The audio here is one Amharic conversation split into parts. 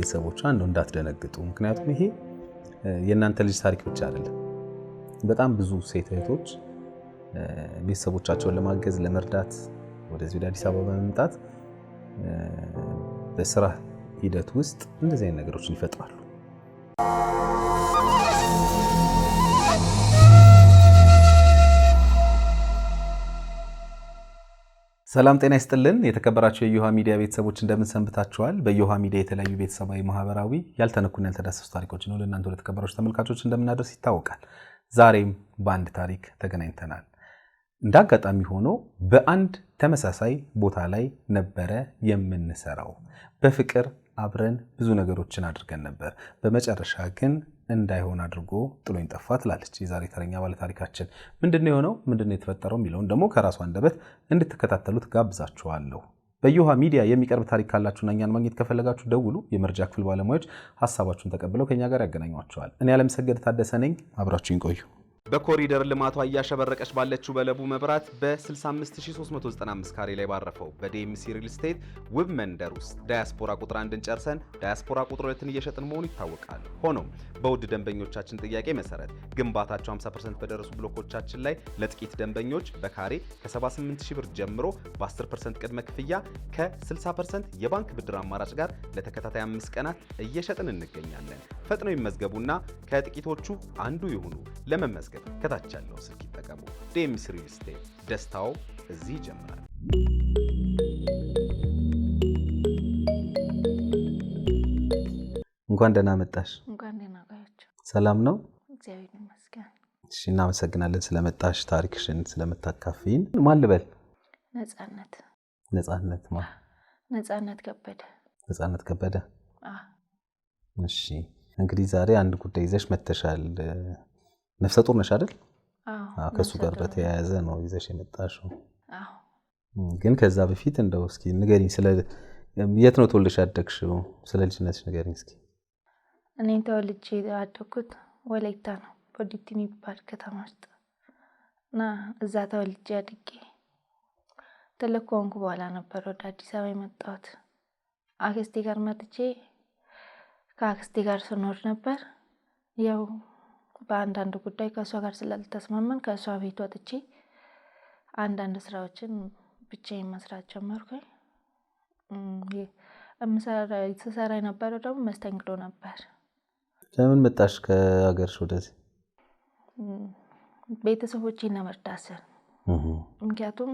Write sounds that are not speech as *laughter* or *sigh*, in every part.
ቤተሰቦቿ አንዱ እንዳትደነግጡ። ምክንያቱም ይሄ የእናንተ ልጅ ታሪክ ብቻ አይደለም። በጣም ብዙ ሴት እህቶች ቤተሰቦቻቸውን ለማገዝ ለመርዳት ወደዚህ ወደ አዲስ አበባ በመምጣት በስራ ሂደት ውስጥ እንደዚህ አይነት ነገሮችን ይፈጥራሉ። ሰላም ጤና ይስጥልን። የተከበራቸው የእዮሃ ሚዲያ ቤተሰቦች እንደምን ሰንብታችኋል? በእዮሃ ሚዲያ የተለያዩ ቤተሰባዊ፣ ማህበራዊ ያልተነኩና ያልተዳሰሱ ታሪኮች ነው ለእናንተ ለተከበራችሁ ተመልካቾች እንደምናደርስ ይታወቃል። ዛሬም በአንድ ታሪክ ተገናኝተናል። እንደ አጋጣሚ ሆኖ በአንድ ተመሳሳይ ቦታ ላይ ነበረ የምንሰራው። በፍቅር አብረን ብዙ ነገሮችን አድርገን ነበር። በመጨረሻ ግን እንዳይሆን አድርጎ ጥሎኝ ጠፋ ትላለች የዛሬ ተረኛ ባለታሪካችን። ምንድነው የሆነው? ምንድነው የተፈጠረው? የሚለውን ደግሞ ከራሷ አንደበት እንድትከታተሉት ጋብዛችኋለሁ። በየውሃ ሚዲያ የሚቀርብ ታሪክ ካላችሁና እኛን ማግኘት ከፈለጋችሁ ደውሉ። የመርጃ ክፍል ባለሙያዎች ሀሳባችሁን ተቀብለው ከኛ ጋር ያገናኟቸዋል። እኔ ያለምሰገድ ታደሰ ነኝ። አብራችሁን ቆዩ። በኮሪደር ልማቷ እያሸበረቀች ባለችው በለቡ መብራት በ65395 ካሬ ላይ ባረፈው በዲኤምሲ ሪል ስቴት ውብ መንደር ውስጥ ዳያስፖራ ቁጥር አንድን ጨርሰን ዳያስፖራ ቁጥር ሁለትን እየሸጥን መሆኑ ይታወቃል። ሆኖም በውድ ደንበኞቻችን ጥያቄ መሰረት ግንባታቸው 50 በደረሱ ብሎኮቻችን ላይ ለጥቂት ደንበኞች በካሬ ከ78000 ብር ጀምሮ በ10 ቅድመ ክፍያ ከ60 የባንክ ብድር አማራጭ ጋር ለተከታታይ አምስት ቀናት እየሸጥን እንገኛለን። ፈጥነው ይመዝገቡና ከጥቂቶቹ አንዱ ይሁኑ። ለመመዝገብ ከታች ያለው ስልክ ይጠቀሙ። ዴምስ ሪል ስቴት ደስታው እዚህ ይጀምራል። እንኳን ደህና መጣሽ። እንኳን ሰላም ነው? እግዚአብሔር ይመስገን። እሺ፣ እናመሰግናለን ስለመጣሽ፣ ታሪክሽን ስለምታካፍይን። ማን ልበል? ነጻነት። ነጻነት ማ? ነጻነት ከበደ። ነጻነት ከበደ። እሺ እንግዲህ ዛሬ አንድ ጉዳይ ይዘሽ መተሻል። ነፍሰ ጡር ነሽ አይደል? ከእሱ ጋር በተያያዘ ነው ይዘሽ የመጣሽው። ግን ከዛ በፊት እንደው እስኪ ንገሪኝ፣ የት ነው ተወልደሽ ያደግሽው? ስለ ልጅነትሽ ንገሪኝ እስኪ። እኔ ተወልጄ ያደግኩት ወላይታ ነው፣ ቦዲቲ የሚባል ከተማ ውስጥ እና እዛ ተወልጄ አድጌ ትልቅ ከሆንኩ በኋላ ነበር ወደ አዲስ አበባ የመጣሁት አክስቴ ጋር መጥቼ ከአክስቴ ጋር ስኖር ነበር። ያው በአንዳንድ ጉዳይ ከእሷ ጋር ስላልተስማመን ከእሷ ቤት ወጥቼ አንዳንድ ስራዎችን ብቻዬን መስራት ጀመርኩኝ። ስሰራ የነበረው ደግሞ መስተንግዶ ነበር። ለምን መጣሽ ከሀገርሽ ወደዚህ? ቤተሰቦቼን ለመርዳት ስል ምክንያቱም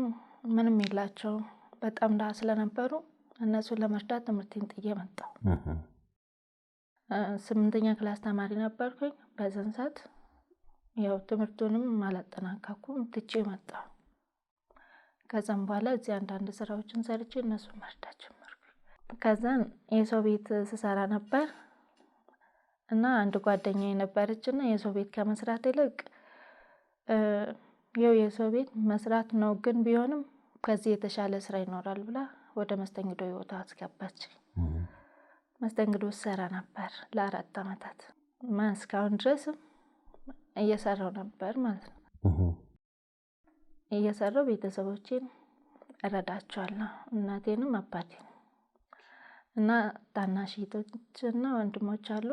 ምንም የላቸው በጣም ዳ ስለነበሩ እነሱን ለመርዳት ትምህርቴን ጥዬ መጣሁ። ስምንተኛ ክላስ ተማሪ ነበርኩኝ። በዛን ሰዓት ያው ትምህርቱንም አላጠናቀኩም ትቼ መጣሁ። ከዛም በኋላ እዚህ አንዳንድ ስራዎችን ሰርቼ እነሱ መርዳት ጀመርኩ። ከዛን የሰው ቤት ስሰራ ነበር እና አንድ ጓደኛ የነበረች እና የሰው ቤት ከመስራት ይልቅ ያው የሰው ቤት መስራት ነው፣ ግን ቢሆንም ከዚህ የተሻለ ስራ ይኖራል ብላ ወደ መስተንግዶ ህይወቷ አስገባች። መስተንግዶ ሰራ ነበር ለአራት አመታት ማን እስካሁን ድረስም እየሰራው ነበር ማለት ነው። እየሰራው ቤተሰቦቼን እረዳቸዋለሁ እናቴንም አባቴን እና ታናሽ እህቶች እና ወንድሞች አሉ።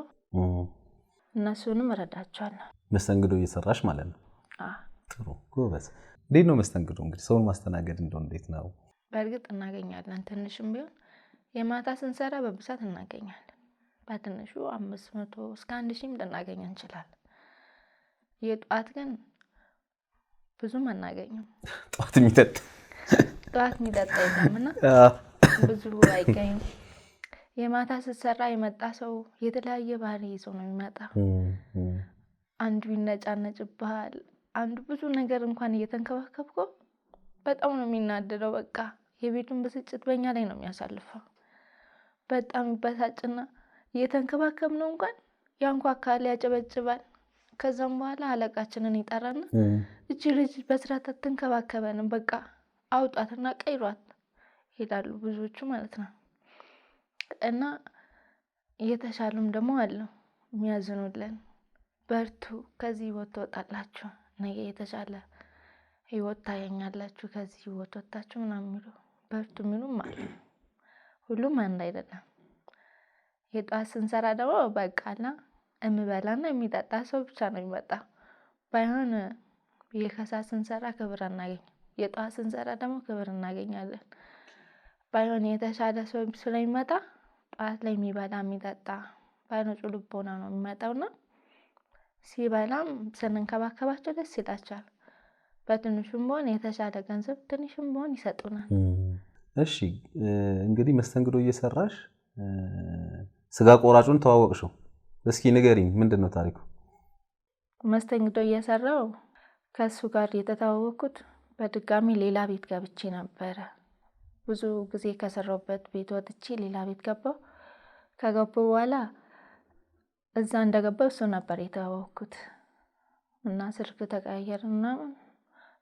እነሱንም እረዳቸዋለሁ። መስተንግዶ እየሰራሽ ማለት ነው። ጥሩ ጎበዝ። እንዴት ነው መስተንግዶ? እንግዲህ ሰውን ማስተናገድ እንደው እንዴት ነው? በእርግጥ እናገኛለን ትንሽም ቢሆን የማታ ስንሰራ በብዛት እናገኛለን። በትንሹ አምስት መቶ እስከ አንድ ሺህም ልናገኝ እንችላለን። የጠዋት ግን ብዙም አናገኝም። ጠዋት የሚጠጥ ጠዋት የሚጠጣ የለም እና *laughs* ብዙ አይገኝም። የማታ ስትሰራ የመጣ ሰው የተለያየ ባህሪ ይዞ ነው የሚመጣ። አንዱ ይነጫነጭብሃል። አንዱ ብዙ ነገር እንኳን እየተንከባከብኮ በጣም ነው የሚናደደው። በቃ የቤቱን ብስጭት በኛ ላይ ነው የሚያሳልፈው። በጣም ይበሳጭና ነው እንኳን ያንኳካል፣ ያጨበጭባል። ከዛም በኋላ አለቃችንን ይጠራና እቺ ልጅ በስርዓት አትንከባከበንም፣ በቃ አውጧትና ቀይሯት ይላሉ ብዙዎቹ ማለት ነው። እና እየተሻሉም ደግሞ አለው የሚያዝኑልን፣ በርቱ፣ ከዚህ ህይወት ትወጣላችሁ፣ ነገ የተሻለ ህይወት ታገኛላችሁ፣ ከዚህ ህይወት ወጥታችሁ ምናምን የሚሉ በርቱ የሚሉም አለ። ሁሉም አንድ አይደለም። የጠዋት ስንሰራ ደግሞ በቃና የሚበላና የሚጠጣ ሰው ብቻ ነው የሚመጣ ባይሆን የከሳ ስንሰራ ክብር እናገኝ የጠዋት ስንሰራ ደግሞ ክብር እናገኛለን። ባይሆን የተሻለ ሰው ስለሚመጣ ጠዋት ላይ የሚበላ የሚጠጣ በንጹ ልቦና ነው የሚመጣውና ሲበላም ስንንከባከባቸው ደስ ይላቸዋል። በትንሹም ቢሆን የተሻለ ገንዘብ ትንሽም ቢሆን ይሰጡናል። እሺ እንግዲህ መስተንግዶ እየሰራሽ ስጋ ቆራጩን ተዋወቅሽው። እስኪ ንገሪኝ፣ ምንድን ነው ታሪኩ? መስተንግዶ እየሰራው ከእሱ ጋር የተተዋወቅኩት በድጋሚ ሌላ ቤት ገብቼ ነበረ። ብዙ ጊዜ ከሰራሁበት ቤት ወጥቼ ሌላ ቤት ገባው። ከገቡ በኋላ እዛ እንደገባው እሱ ነበር የተዋወቅኩት እና ስልክ ተቀያየርና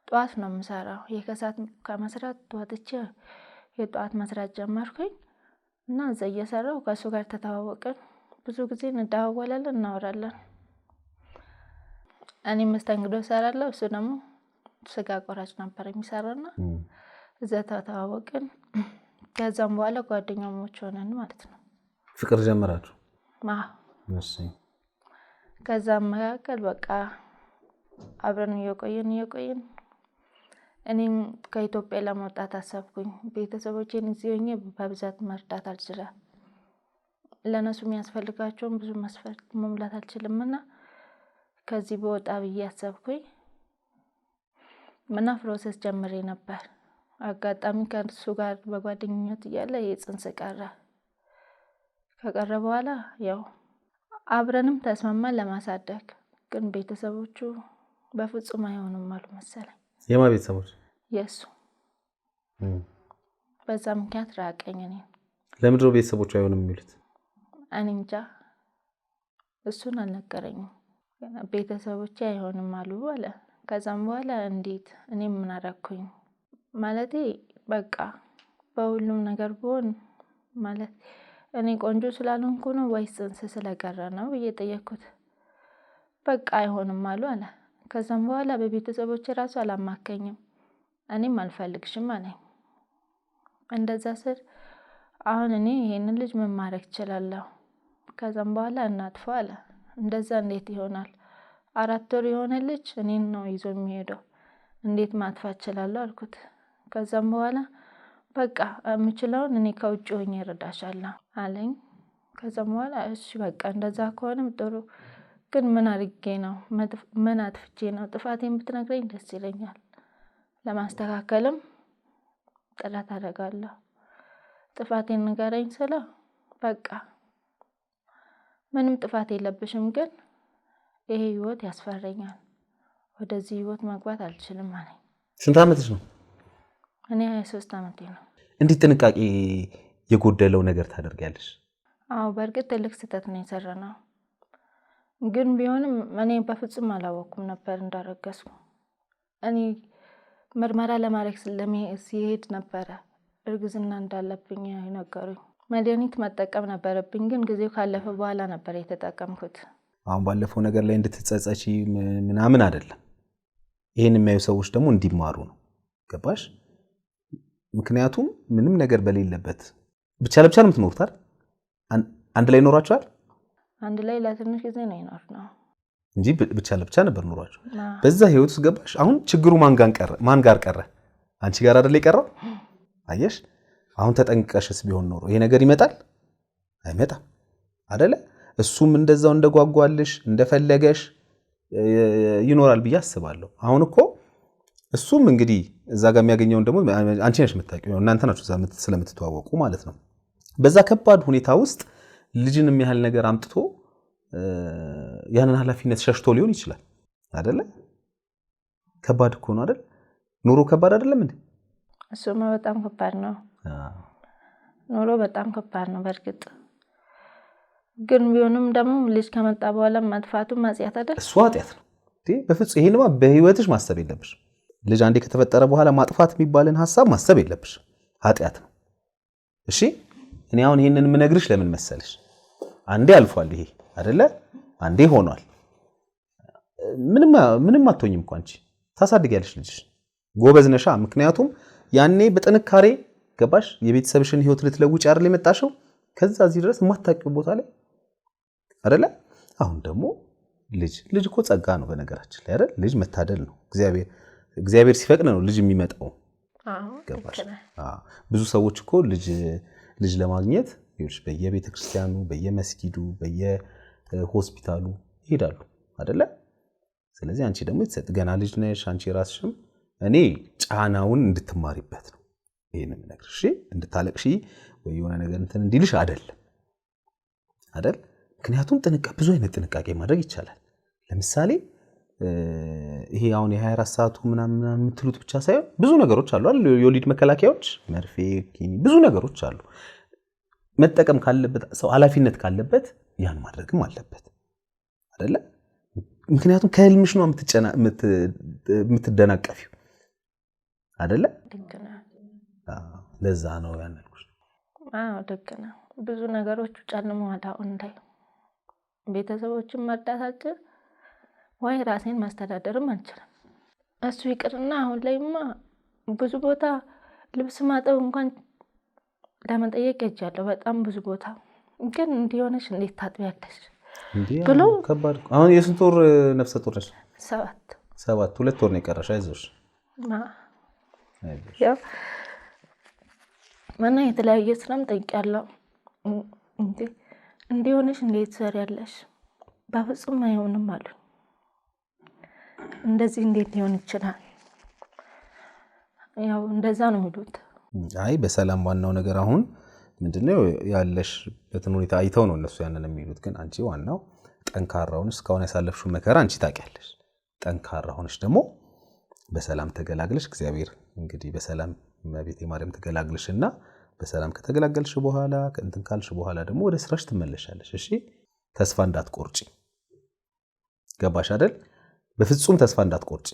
ጠዋት ነው የምሰራው የከሳት ከመስራት ወጥቼ የጠዋት መስራት ጀመርኩኝ እና እዛ እየሰራው ከእሱ ጋር ተተዋወቅን። ብዙ ጊዜ እንደዋወላለን፣ እናወራለን። እኔ መስተንግዶ እሰራለሁ፣ እሱ ደግሞ ስጋ ቆራጭ ነበር የሚሰራና እዛ ተተዋወቅን። ከዛም በኋላ ጓደኛሞች ሆነን ማለት ነው። ፍቅር ጀምራችሁ? ከዛም መካከል በቃ አብረን እየቆየን እየቆየን እኔም ከኢትዮጵያ ለመውጣት አሰብኩኝ። ቤተሰቦቼን እዚህ ሆኜ በብዛት መርዳት አልችልም። ለእነሱ የሚያስፈልጋቸውን ብዙ መስፈርት መሙላት አልችልምና ከዚህ በወጣ ብዬ አሰብኩኝ ምና ፕሮሰስ ጀምሬ ነበር። አጋጣሚ ከእሱ ጋር በጓደኝነት እያለ የፅንስ ቀረ። ከቀረ በኋላ ያው አብረንም ተስማማን ለማሳደግ፣ ግን ቤተሰቦቹ በፍጹም አይሆኑም አሉ መሰለኝ። የማ ቤተሰቦች የእሱ በዛ ምክንያት ራቀኝ። እኔ ለምድሮ ቤተሰቦች አይሆንም የሚሉት እኔ እንጃ፣ እሱን አልነገረኝም። ቤተሰቦች አይሆንም አሉ አለ። ከዛም በኋላ እንዴት እኔ የምናረኩኝ አደረኩኝ ማለቴ በቃ በሁሉም ነገር ብሆን ማለት እኔ ቆንጆ ስላልሆንኩ ነው ወይስ ጽንስ ስለቀረ ነው እየጠየኩት በቃ አይሆንም አሉ አለ። ከዛም በኋላ በቤተሰቦች ራሱ አላማከኝም እኔም አልፈልግሽም አለኝ። እንደዛ ስል አሁን እኔ ይሄንን ልጅ ምን ማድረግ እችላለሁ? ከዛም በኋላ እናጥፎ አለ። እንደዛ እንዴት ይሆናል? አራት ወር የሆነ ልጅ እኔን ነው ይዞ የሚሄደው እንዴት ማጥፋት እችላለሁ አልኩት። ከዛም በኋላ በቃ የምችለውን እኔ ከውጭ ሆኜ እረዳሻለሁ አለኝ። ከዛም በኋላ እሺ በቃ እንደዛ ከሆነም ጥሩ ግን ምን አድርጌ ነው? ምን አጥፍቼ ነው? ጥፋቴን ብትነግረኝ ደስ ይለኛል። ለማስተካከልም ጥረት አደርጋለሁ። ጥፋቴን ንገረኝ ስለ በቃ ምንም ጥፋት የለብሽም፣ ግን ይሄ ህይወት ያስፈረኛል፣ ወደዚህ ህይወት መግባት አልችልም አለኝ። ስንት ዓመትሽ ነው? እኔ ሀያ ሶስት ዓመቴ ነው። እንዴት ጥንቃቄ የጎደለው ነገር ታደርጊያለሽ? አዎ በእርግጥ ትልቅ ስህተት ነው የሰራነው ግን ቢሆንም እኔ በፍጹም አላወኩም ነበር እንዳረገዝኩ። እኔ ምርመራ ለማድረግ ሲሄድ ነበረ እርግዝና እንዳለብኝ ነገሩኝ። መድኃኒት መጠቀም ነበረብኝ፣ ግን ጊዜው ካለፈ በኋላ ነበር የተጠቀምኩት። አሁን ባለፈው ነገር ላይ እንድትጸጸች ምናምን አይደለም። ይህን የሚያዩ ሰዎች ደግሞ እንዲማሩ ነው። ገባሽ? ምክንያቱም ምንም ነገር በሌለበት ብቻ ለብቻ ነው የምትኖሩት። አንድ ላይ ይኖራችኋል አንድ ላይ ለትንሽ ጊዜ ነው ነው እንጂ ብቻ ለብቻ ነበር ኑሯቸው። በዛ ህይወት ውስጥ ገባሽ። አሁን ችግሩ ማን ጋር ቀረ? አንቺ ጋር አደለ የቀረው? አየሽ፣ አሁን ተጠንቀሽስ ቢሆን ኖሮ ይሄ ነገር ይመጣል አይመጣም አደለ? እሱም እንደዛው እንደጓጓልሽ እንደፈለገሽ ይኖራል ብዬ አስባለሁ። አሁን እኮ እሱም እንግዲህ እዛ ጋር የሚያገኘውን ደግሞ አንቺ ነሽ የምታውቂው፣ እናንተ ናችሁ ስለምትተዋወቁ ማለት ነው። በዛ ከባድ ሁኔታ ውስጥ ልጅን የሚያህል ነገር አምጥቶ ያንን ኃላፊነት ሸሽቶ ሊሆን ይችላል። አደለ? ከባድ እኮ ነው አደል? ኑሮ ከባድ አደለም እንዴ? እሱማ በጣም ከባድ ነው። ኑሮ በጣም ከባድ ነው። በእርግጥ ግን ቢሆንም ደግሞ ልጅ ከመጣ በኋላ መጥፋቱ ማጽያት አደል? እሱ አጽያት ነው። በፍጹም ይሄንማ በህይወትሽ ማሰብ የለብሽ። ልጅ አንዴ ከተፈጠረ በኋላ ማጥፋት የሚባልን ሀሳብ ማሰብ የለብሽ። ኃጢአት ነው። እሺ እኔ አሁን ይህንን የምነግርሽ ለምን መሰለሽ አንዴ አልፏል። ይሄ አደለ አንዴ ሆኗል። ምንም አትሆኝም እኮ አንቺ ታሳድጊያለሽ ልጅሽ ጎበዝ ነሻ። ምክንያቱም ያኔ በጥንካሬ ገባሽ የቤተሰብሽን ህይወት ልትለውጭ አይደል የመጣሽው ከዛ እዚህ ድረስ የማታውቂው ቦታ ላይ አደለ። አሁን ደግሞ ልጅ ልጅ እኮ ጸጋ ነው በነገራችን ላይ አይደል። ልጅ መታደል ነው። እግዚአብሔር ሲፈቅድ ነው ልጅ የሚመጣው ገባሽ። ብዙ ሰዎች እኮ ልጅ ለማግኘት ሌሎች በየቤተ ክርስቲያኑ፣ በየመስጊዱ፣ በየሆስፒታሉ ይሄዳሉ አደለ? ስለዚህ አንቺ ደግሞ የተሰጥ ገና ልጅ ነሽ። አንቺ ራስሽም እኔ ጫናውን እንድትማሪበት ነው ይህንም ነገር እሺ፣ እንድታለቅሺ ወይ የሆነ ነገር እንትን እንዲልሽ አደለም አደል? ምክንያቱም ጥንቃ ብዙ አይነት ጥንቃቄ ማድረግ ይቻላል። ለምሳሌ ይሄ አሁን የ24 ሰዓቱ ምናምን የምትሉት ብቻ ሳይሆን ብዙ ነገሮች አሉ። የወሊድ መከላከያዎች መርፌ፣ ብዙ ነገሮች አሉ። መጠቀም ካለበት ሰው ኃላፊነት ካለበት ያን ማድረግም አለበት አደለ? ምክንያቱም ከህልምሽ ነው የምትደናቀፊው አደለ? ለዛ ነው ያነልኩሽ። ልክ ነው። ብዙ ነገሮቹ ጨልመዋል። አሁን ላይ ቤተሰቦችን መርዳታችን ወይ ራሴን ማስተዳደርም አልችልም። እሱ ይቅርና አሁን ላይማ ብዙ ቦታ ልብስ ማጠብ እንኳን ለመጠየቅ ሄጃለሁ። በጣም ብዙ ቦታ ግን እንዲሆነች እንዴት ታጥቢያለች ብሎ ከባድ። አሁን የስንት ወር ነፍሰ ጡር ነች? ሰባት ሰባት ሁለት ወር ነው የቀረሽ። አይዞሽ እና የተለያየ ስራም ጠይቄያለሁ። እንዲሆነች እንዴት ትሰሪያለሽ? በፍጹም አይሆንም አሉ። እንደዚህ እንዴት ሊሆን ይችላል? ያው እንደዛ ነው የሚሉት አይ በሰላም ዋናው ነገር አሁን ምንድነው ያለሽበትን ሁኔታ አይተው ነው እነሱ ያንን የሚሉት። ግን አንቺ ዋናው ጠንካራ እስካሁን ያሳለፍሽውን መከራ አንቺ ታውቂያለሽ። ጠንካራ ሆነሽ ደግሞ በሰላም ተገላግለሽ እግዚአብሔር እንግዲህ በሰላም እመቤቴ ማርያም ተገላግለሽ እና በሰላም ከተገላገልሽ በኋላ እንትን ካልሽ በኋላ ደግሞ ወደ ስራሽ ትመለሻለሽ። እሺ ተስፋ እንዳትቆርጪ። ገባሽ አደል? በፍጹም ተስፋ እንዳትቆርጪ።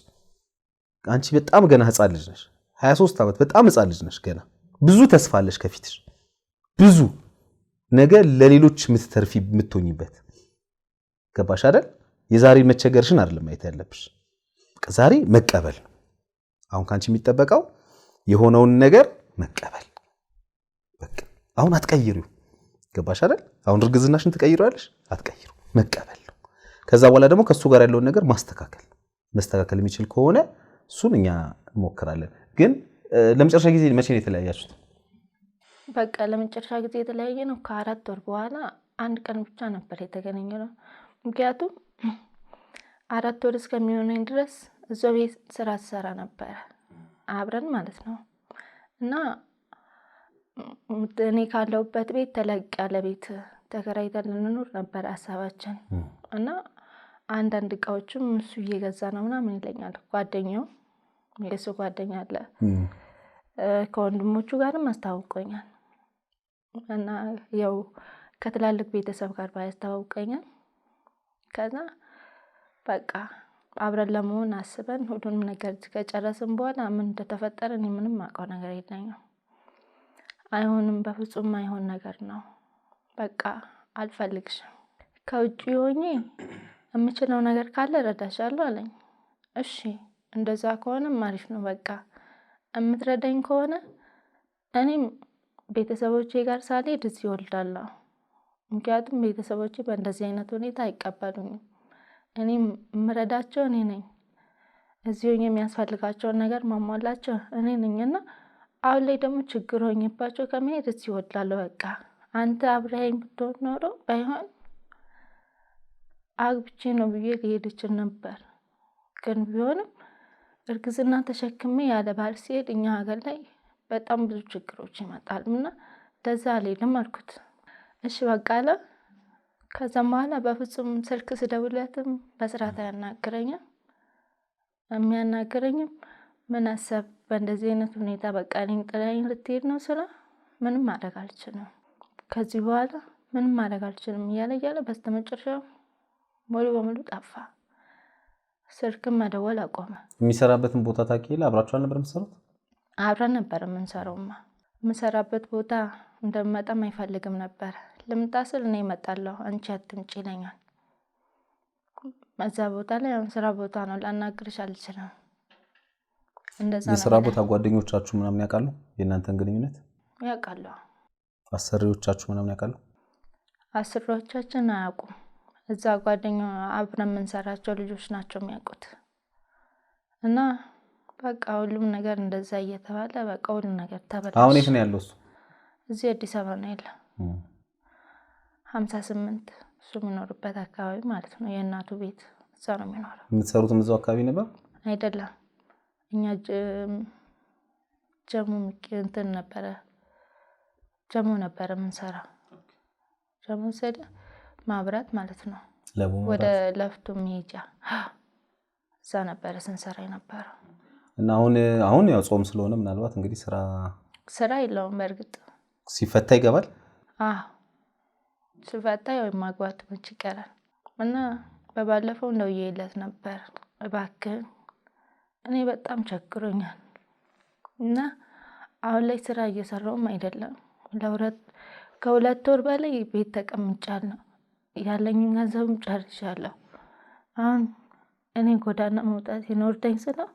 አንቺ በጣም ገና ሕፃን ልጅ ነሽ። 23 ዓመት በጣም ህፃን ልጅ ነሽ ገና። ብዙ ተስፋ አለሽ ከፊትሽ፣ ብዙ ነገ ለሌሎች የምትተርፊ የምትሆኝበት። ገባሽ አይደል? የዛሬ መቸገርሽን አይደለም ማየት ያለብሽ፣ ዛሬ መቀበል ነው። አሁን ከአንቺ የሚጠበቀው የሆነውን ነገር መቀበል። በቃ አሁን አትቀይሪው። ገባሽ አይደል? አሁን እርግዝናሽን ትቀይሪዋለሽ? አትቀይሩ፣ መቀበል ነው። ከዛ በኋላ ደግሞ ከእሱ ጋር ያለውን ነገር ማስተካከል መስተካከል የሚችል ከሆነ እሱን እኛ እንሞክራለን። ግን ለመጨረሻ ጊዜ መቼ ነው የተለያያችሁት? በቃ ለመጨረሻ ጊዜ የተለያየ ነው ከአራት ወር በኋላ አንድ ቀን ብቻ ነበር የተገናኘ ነው። ምክንያቱም አራት ወር እስከሚሆነኝ ድረስ እዛ ቤት ስራ ትሰራ ነበረ አብረን ማለት ነው እና እኔ ካለሁበት ቤት ተለቅ ያለ ቤት ተከራይተን ልንኖር ነበር ሀሳባችን እና አንዳንድ እቃዎችም እሱ እየገዛ ነው ምናምን ይለኛል ጓደኛው የእሱ ጓደኛ አለ ከወንድሞቹ ጋርም አስተዋውቆኛል። እና ያው ከትላልቅ ቤተሰብ ጋር ባያስተዋውቀኛል ከዛ በቃ አብረን ለመሆን አስበን ሁሉንም ነገር ከጨረስን በኋላ ምን እንደተፈጠረ እኔ ምንም አውቀው ነገር የለኝም። አይሆንም፣ በፍጹም አይሆን ነገር ነው። በቃ አልፈልግሽም። ከውጭ ሆኜ የምችለው ነገር ካለ እረዳሻለሁ አለኝ። እሺ እንደዛ ከሆነም አሪፍ ነው። በቃ የምትረዳኝ ከሆነ እኔም ቤተሰቦቼ ጋር ሳልሄድ እዚህ እወልዳለሁ። ምክንያቱም ቤተሰቦቼ በእንደዚህ አይነት ሁኔታ አይቀበሉኝም። እኔም የምረዳቸው እኔ ነኝ። እዚህ የሚያስፈልጋቸውን ነገር ማሟላቸው እኔ ነኝና አሁን ላይ ደግሞ ችግር ሆኝባቸው ከመሄድ እዚህ እወልዳለሁ። በቃ አንተ አብረኸኝ ብትሆን ኖሮ ባይሆን አግብቼ ነው ብዬ ሊሄድችል ነበር። ግን ቢሆንም እርግዝና ተሸክሜ ያለ ባል ሲሄድ እኛ ሀገር ላይ በጣም ብዙ ችግሮች ይመጣሉ እና ለዛ ሌልም አልኩት። እሺ በቃ አለ። ከዛም በኋላ በፍጹም ስልክ ስደውለትም በስርዓት አያናግረኝም። የሚያናግረኝም ምን አሰብ በእንደዚህ አይነት ሁኔታ በቃ እኔን ጥላኝ ልትሄድ ነው ስለ ምንም ማድረግ አልችልም፣ ከዚህ በኋላ ምንም ማድረግ አልችልም እያለ እያለ በስተመጨረሻ ሙሉ በሙሉ ጠፋ። ስልክም መደወል አቆመ። የሚሰራበትን ቦታ ታውቂ የለ? አብራችሁ አልነበር የምትሰሩት? አብረን ነበር የምንሰራውማ። የምሰራበት ቦታ እንደምመጣም አይፈልግም ነበር። ልምጣ ስል እኔ እመጣለሁ አንቺ አትምጪ ይለኛል። እዛ ቦታ ላይ ስራ ቦታ ነው፣ ላናግርሽ አልችልም። የስራ ቦታ ጓደኞቻችሁ ምናምን ያውቃሉ? የእናንተን ግንኙነት ያውቃሉ? አሰሪዎቻችሁ ምናምን ያውቃሉ? አሰሪዎቻችን አያውቁም። እዛ ጓደኛ አብረን የምንሰራቸው ልጆች ናቸው የሚያውቁት እና በቃ ሁሉም ነገር እንደዛ እየተባለ በቃ ሁሉም ነገር ተበላሽ። አሁን የት ነው ያለው እሱ? እዚህ አዲስ አበባ ነው ያለ ሀምሳ ስምንት እሱ የሚኖርበት አካባቢ ማለት ነው። የእናቱ ቤት እዛ ነው የሚኖረው። የምትሰሩትም እዛው አካባቢ ነበር አይደለም? እኛ ጀሙ እንትን ነበረ ጀሙ ነበረ የምንሰራ ጀሙ ማብራት ማለት ነው። ወደ ለፍቱ መሄጃ *gasps* እዛ ነበረ ስንሰራ የነበረው እና አሁን አሁን ያው ጾም ስለሆነ ምናልባት እንግዲህ ስራ ስራ የለውም። በእርግጥ ሲፈታ ይገባል። ሲፈታ ወይም ማግባት መች ይቀራል። እና በባለፈው እንደው የለት ነበር እባክህን እኔ በጣም ቸግሮኛል እና አሁን ላይ ስራ እየሰራውም አይደለም። ለሁለት ከሁለት ወር በላይ ቤት ተቀምጫለሁ። ያለኝ ገንዘብም ጨርሻለሁ። አሁን እኔ ጎዳና መውጣት ይኖርደኝ ስለው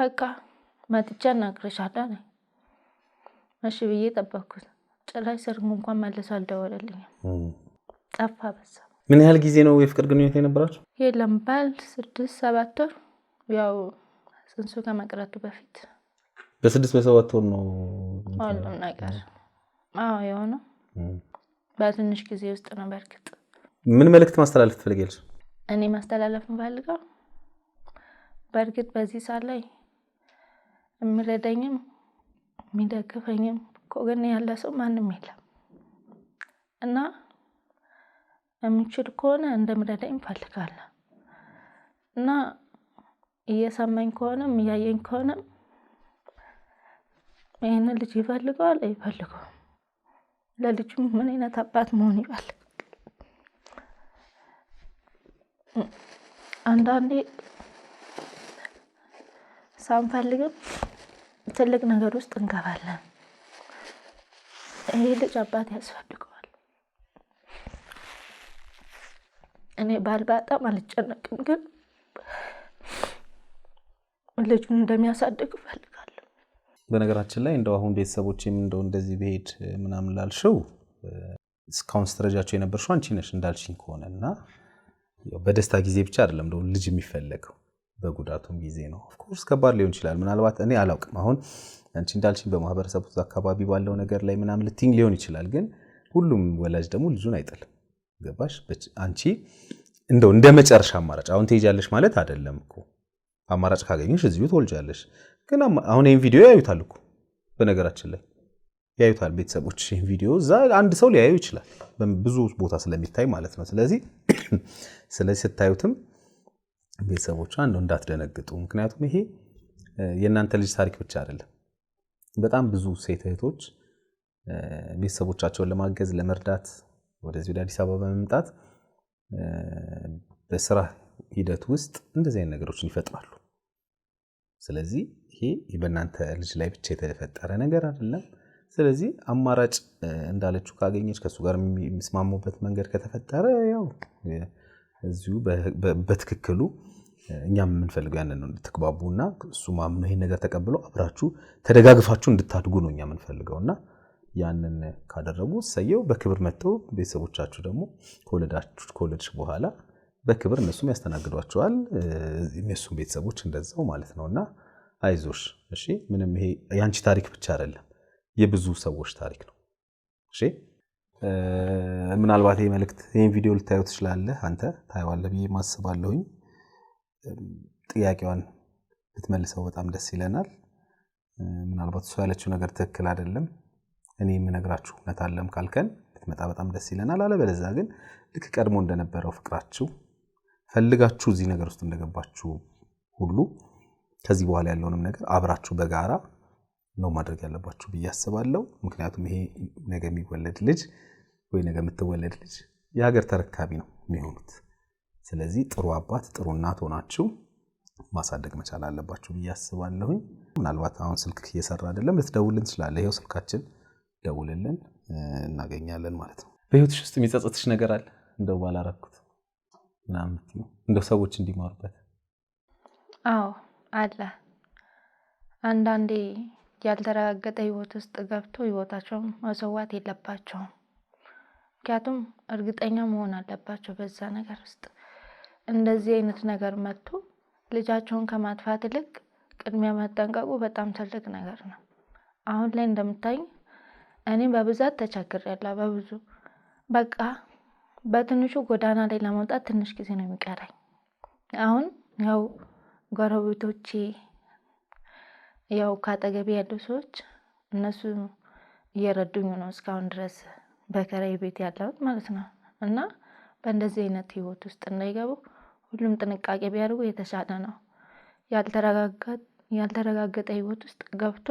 በቃ መጥቼ አናግርሻለሁ አለኝ። እሺ ብዬ ጠበኩት። ጭራሽ ስልኩ እንኳን መልሶ አልደወለልኝም። ጠፋ በዛ። ምን ያህል ጊዜ ነው የፍቅር ግንኙነት የነበራቸው? የለም ባል ስድስት ሰባት ወር ያው ጽንሱ ከመቅረቱ በፊት በስድስት በሰባት ወር ነው ሁሉም ነገር አዎ የሆነው። በትንሽ ጊዜ ውስጥ ነው። በእርግጥ ምን መልእክት ማስተላለፍ ትፈልጊያለሽ? እኔ ማስተላለፍ ምፈልገው በእርግጥ በዚህ ሰዓት ላይ የሚረዳኝም የሚደግፈኝም ኮግን ያለ ሰው ማንም የለም እና የምችል ከሆነ እንደምረዳኝ እፈልጋለሁ እና እየሰማኝ ከሆነም እያየኝ ከሆነም ይህንን ልጅ ይፈልገዋል አይፈልገውም ለልጁ ምን አይነት አባት መሆን ይባል። አንዳንዴ ሳንፈልግም ትልቅ ነገር ውስጥ እንገባለን። ይህ ልጅ አባት ያስፈልገዋል። እኔ ባል በጣም አልጨነቅም፣ ግን ልጁን እንደሚያሳድግ እፈልጋለሁ። በነገራችን ላይ እንደው አሁን ቤተሰቦች እንደው እንደዚህ ብሄድ ምናምን ላልሽው እስካሁን ስትረጃቸው የነበርሽው አንቺ ነሽ እንዳልሽኝ ከሆነ እና በደስታ ጊዜ ብቻ አይደለም እንደው ልጅ የሚፈለገው በጉዳቱም ጊዜ ነው። ኦፍኮርስ ከባድ ሊሆን ይችላል። ምናልባት እኔ አላውቅም። አሁን አንቺ እንዳልሽኝ በማህበረሰቡ አካባቢ ባለው ነገር ላይ ምናምን ልትይኝ ሊሆን ይችላል። ግን ሁሉም ወላጅ ደግሞ ልጁን አይጥልም። ገባሽ? አንቺ እንደው እንደ መጨረሻ አማራጭ አሁን ትሄጃለሽ ማለት አይደለም እኮ አማራጭ ካገኘሽ እዚሁ ትወልጃለሽ። ግን አሁን ይህን ቪዲዮ ያዩታል እኮ በነገራችን ላይ ያዩታል ቤተሰቦች ይህን ቪዲዮ እዛ አንድ ሰው ሊያዩ ይችላል ብዙ ቦታ ስለሚታይ ማለት ነው። ስለዚህ *clears throat* ስለዚህ ስታዩትም ቤተሰቦች አንዱ እንዳትደነግጡ። ምክንያቱም ይሄ የእናንተ ልጅ ታሪክ ብቻ አይደለም። በጣም ብዙ ሴት እህቶች ቤተሰቦቻቸውን ለማገዝ ለመርዳት ወደዚህ ወደ አዲስ አበባ በመምጣት በስራ ሂደት ውስጥ እንደዚህ አይነት ነገሮችን ይፈጥራሉ። ስለዚህ ይሄ በእናንተ ልጅ ላይ ብቻ የተፈጠረ ነገር አይደለም። ስለዚህ አማራጭ እንዳለችው ካገኘች ከእሱ ጋር የሚስማሙበት መንገድ ከተፈጠረ ያው እዚሁ በትክክሉ እኛም የምንፈልገው ያንን ነው፣ እንድትግባቡ እና እሱም ይህን ነገር ተቀብለው አብራችሁ ተደጋግፋችሁ እንድታድጉ ነው እኛ የምንፈልገው እና ያንን ካደረጉ ሰየው በክብር መጥተው ቤተሰቦቻችሁ ደግሞ ከወለድሽ በኋላ በክብር እነሱም ያስተናግዷቸዋል፣ እነሱም ቤተሰቦች እንደዛው ማለት ነው እና አይዞሽ፣ እሺ። ምንም ይሄ የአንቺ ታሪክ ብቻ አይደለም፣ የብዙ ሰዎች ታሪክ ነው። እሺ። ምናልባት ይህ መልእክት ይህን ቪዲዮ ልታዩት ትችላለህ፣ አንተ ታየዋለህ ብዬ ማስባለሁኝ። ጥያቄዋን ብትመልሰው በጣም ደስ ይለናል። ምናልባት እሱ ያለችው ነገር ትክክል አይደለም፣ እኔ የምነግራችሁ እውነት አለም ካልከን ብትመጣ በጣም ደስ ይለናል። አለበለዚያ ግን ልክ ቀድሞ እንደነበረው ፍቅራችሁ ፈልጋችሁ እዚህ ነገር ውስጥ እንደገባችሁ ሁሉ ከዚህ በኋላ ያለውንም ነገር አብራችሁ በጋራ ነው ማድረግ ያለባችሁ ብዬ አስባለሁ። ምክንያቱም ይሄ ነገ የሚወለድ ልጅ ወይ ነገ የምትወለድ ልጅ የሀገር ተረካቢ ነው የሚሆኑት። ስለዚህ ጥሩ አባት ጥሩ እናት ሆናችሁ ማሳደግ መቻል አለባችሁ ብዬ አስባለሁኝ። ምናልባት አሁን ስልክ እየሰራ አይደለም፣ ልትደውልን ትችላለህ። ይኸው ስልካችን ደውልልን፣ እናገኛለን ማለት ነው። በህይወትሽ ውስጥ የሚጸጸትሽ ነገር አለ እንደው ባላረኩት ምናምን እንደው ሰዎች እንዲማሩበት? አዎ አለ። አንዳንዴ ያልተረጋገጠ ህይወት ውስጥ ገብቶ ህይወታቸውን መሰዋት የለባቸውም። ምክንያቱም እርግጠኛ መሆን አለባቸው በዛ ነገር ውስጥ እንደዚህ አይነት ነገር መጥቶ ልጃቸውን ከማጥፋት ይልቅ ቅድሚያ መጠንቀቁ በጣም ትልቅ ነገር ነው። አሁን ላይ እንደምታኝ እኔ በብዛት ተቸግሬያለሁ። በብዙ በቃ በትንሹ ጎዳና ላይ ለመውጣት ትንሽ ጊዜ ነው የሚቀረኝ። አሁን ያው ጎረቤቶቼ ያው ከአጠገቤ ያሉ ሰዎች እነሱ እየረዱኝ ነው እስካሁን ድረስ በከራይ ቤት ያለሁት ማለት ነው። እና በእንደዚህ አይነት ህይወት ውስጥ እንዳይገቡ ሁሉም ጥንቃቄ ቢያደርጉ የተሻለ ነው። ያልተረጋገጠ ህይወት ውስጥ ገብቶ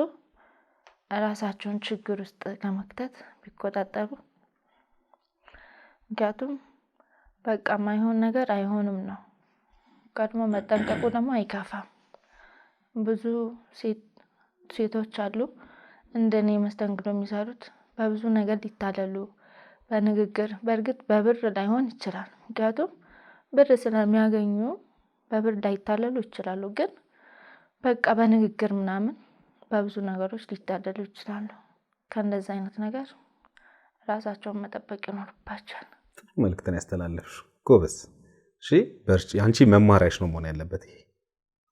ራሳቸውን ችግር ውስጥ ከመክተት ቢቆጣጠሩ። ምክንያቱም በቃ የማይሆን ነገር አይሆንም ነው ቀድሞ መጠንቀቁ ደግሞ አይከፋም። ብዙ ሴቶች አሉ እንደኔ መስተንግዶ የሚሰሩት በብዙ ነገር ሊታለሉ በንግግር በእርግጥ በብር ላይሆን ይችላል። ምክንያቱም ብር ስለሚያገኙ በብር ላይታለሉ ይችላሉ። ግን በቃ በንግግር ምናምን በብዙ ነገሮች ሊታለሉ ይችላሉ። ከእንደዚህ አይነት ነገር ራሳቸውን መጠበቅ ይኖርባቸዋል። መልክትን ያስተላለፍሽ ጎበዝ። አንቺ መማሪያሽ ነው መሆን ያለበት ይሄ።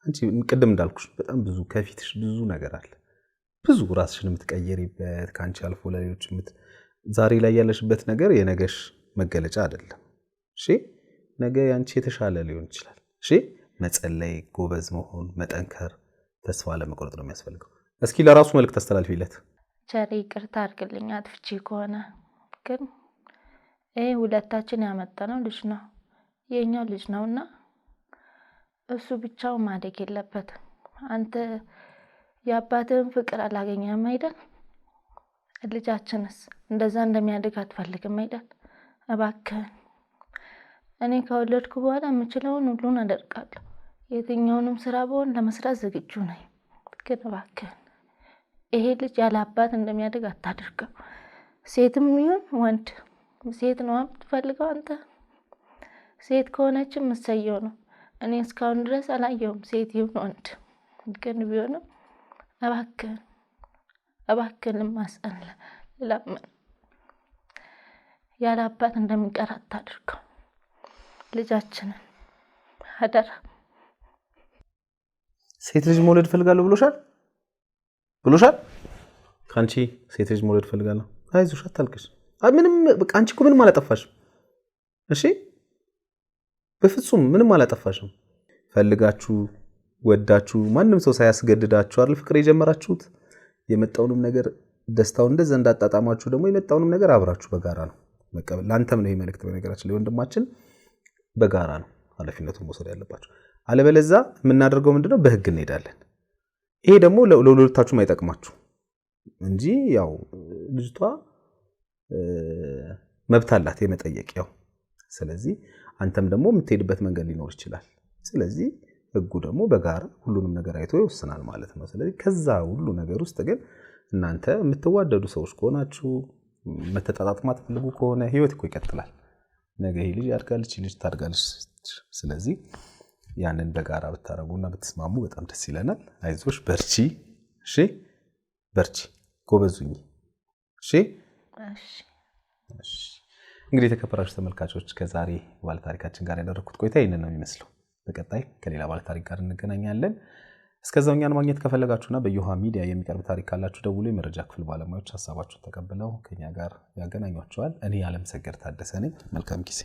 አንቺ ቅድም እንዳልኩሽ በጣም ብዙ ከፊትሽ ብዙ ነገር አለ፣ ብዙ ራስሽን የምትቀየሪበት ከአንቺ አልፎ ለሌሎች ዛሬ ላይ ያለሽበት ነገር የነገሽ መገለጫ አይደለም። እሺ ነገ ያንቺ የተሻለ ሊሆን ይችላል። እሺ መጸለይ፣ ጎበዝ መሆን፣ መጠንከር፣ ተስፋ ለመቁረጥ ነው የሚያስፈልገው። እስኪ ለራሱ መልእክት አስተላልፊለት። ቸሪ ይቅርታ አድርግልኝ አጥፍቼ ከሆነ ግን ይህ ሁለታችን ያመጣነው ልጅ ነው የእኛ ልጅ ነው እና እሱ ብቻው ማደግ የለበትም። አንተ የአባትህን ፍቅር አላገኘህም አይደል? ልጃችንስ እንደዛ እንደሚያደግ አትፈልግም አይደል? እባክህን እኔ ከወለድኩ በኋላ የምችለውን ሁሉን አደርጋለሁ። የትኛውንም ስራ በሆን ለመስራት ዝግጁ ነኝ። ግን እባክህን ይሄ ልጅ ያለ አባት እንደሚያደግ አታደርገው ሴትም ይሁን ወንድ ሴት ነው የምትፈልገው አንተ ሴት ከሆነችም እሰየው ነው። እኔ እስካሁን ድረስ አላየውም ሴት ይሁን ወንድ። ግን ቢሆንም እባክን እባክን ልማጸን ልለምን፣ ያለ አባት እንደሚቀር አታድርገው ልጃችንን አደራ። ሴት ልጅ መውለድ እፈልጋለሁ ብሎሻል ብሎሻል። ከአንቺ ሴት ልጅ መውለድ እፈልጋለሁ። አይዞሽ፣ አታልቅሽ። ምንም በቃ አንቺ እኮ ምንም አላጠፋሽ። እሺ በፍጹም ምንም አላጠፋሽም። ፈልጋችሁ ወዳችሁ ማንም ሰው ሳያስገድዳችሁ አይደል ፍቅር የጀመራችሁት? የመጣውንም ነገር ደስታውን እንደዛ እንዳጣጣማችሁ ደግሞ የመጣውንም ነገር አብራችሁ በጋራ ነው መቀበል። ለአንተም ነው መልእክት፣ በነገራችን ላይ ወንድማችን፣ በጋራ ነው ኃላፊነቱን መውሰድ ያለባችሁ። አለበለዛ የምናደርገው ምንድነው? በህግ እንሄዳለን። ይሄ ደግሞ ለሁለታችሁም አይጠቅማችሁ እንጂ ያው ልጅቷ መብት አላት የመጠየቅ ያው ስለዚህ አንተም ደግሞ የምትሄድበት መንገድ ሊኖር ይችላል። ስለዚህ ህጉ ደግሞ በጋራ ሁሉንም ነገር አይቶ ይወስናል ማለት ነው። ስለዚህ ከዛ ሁሉ ነገር ውስጥ ግን እናንተ የምትዋደዱ ሰዎች ከሆናችሁ መተጣጣጥ ማትፈልጉ ከሆነ ህይወት እኮ ይቀጥላል። ነገ ይህ ልጅ ያድጋለች፣ ልጅ ታድጋለች። ስለዚህ ያንን በጋራ ብታደረጉና ብትስማሙ በጣም ደስ ይለናል። አይዞሽ፣ በርቺ፣ እሺ፣ በርቺ፣ ጎበዙኝ፣ እሺ። እንግዲህ የተከበራችሁ ተመልካቾች ከዛሬ ባለታሪካችን ጋር ያደረግኩት ቆይታ ይህንን ነው የሚመስለው። በቀጣይ ከሌላ ባለታሪክ ጋር እንገናኛለን። እስከዛው እኛን ማግኘት ከፈለጋችሁና በእዮሃ ሚዲያ የሚቀርብ ታሪክ ካላችሁ ደውሎ የመረጃ ክፍል ባለሙያዎች ሀሳባችሁን ተቀብለው ከኛ ጋር ያገናኟቸዋል። እኔ ዓለምሰገድ ታደሰ ነኝ። መልካም ጊዜ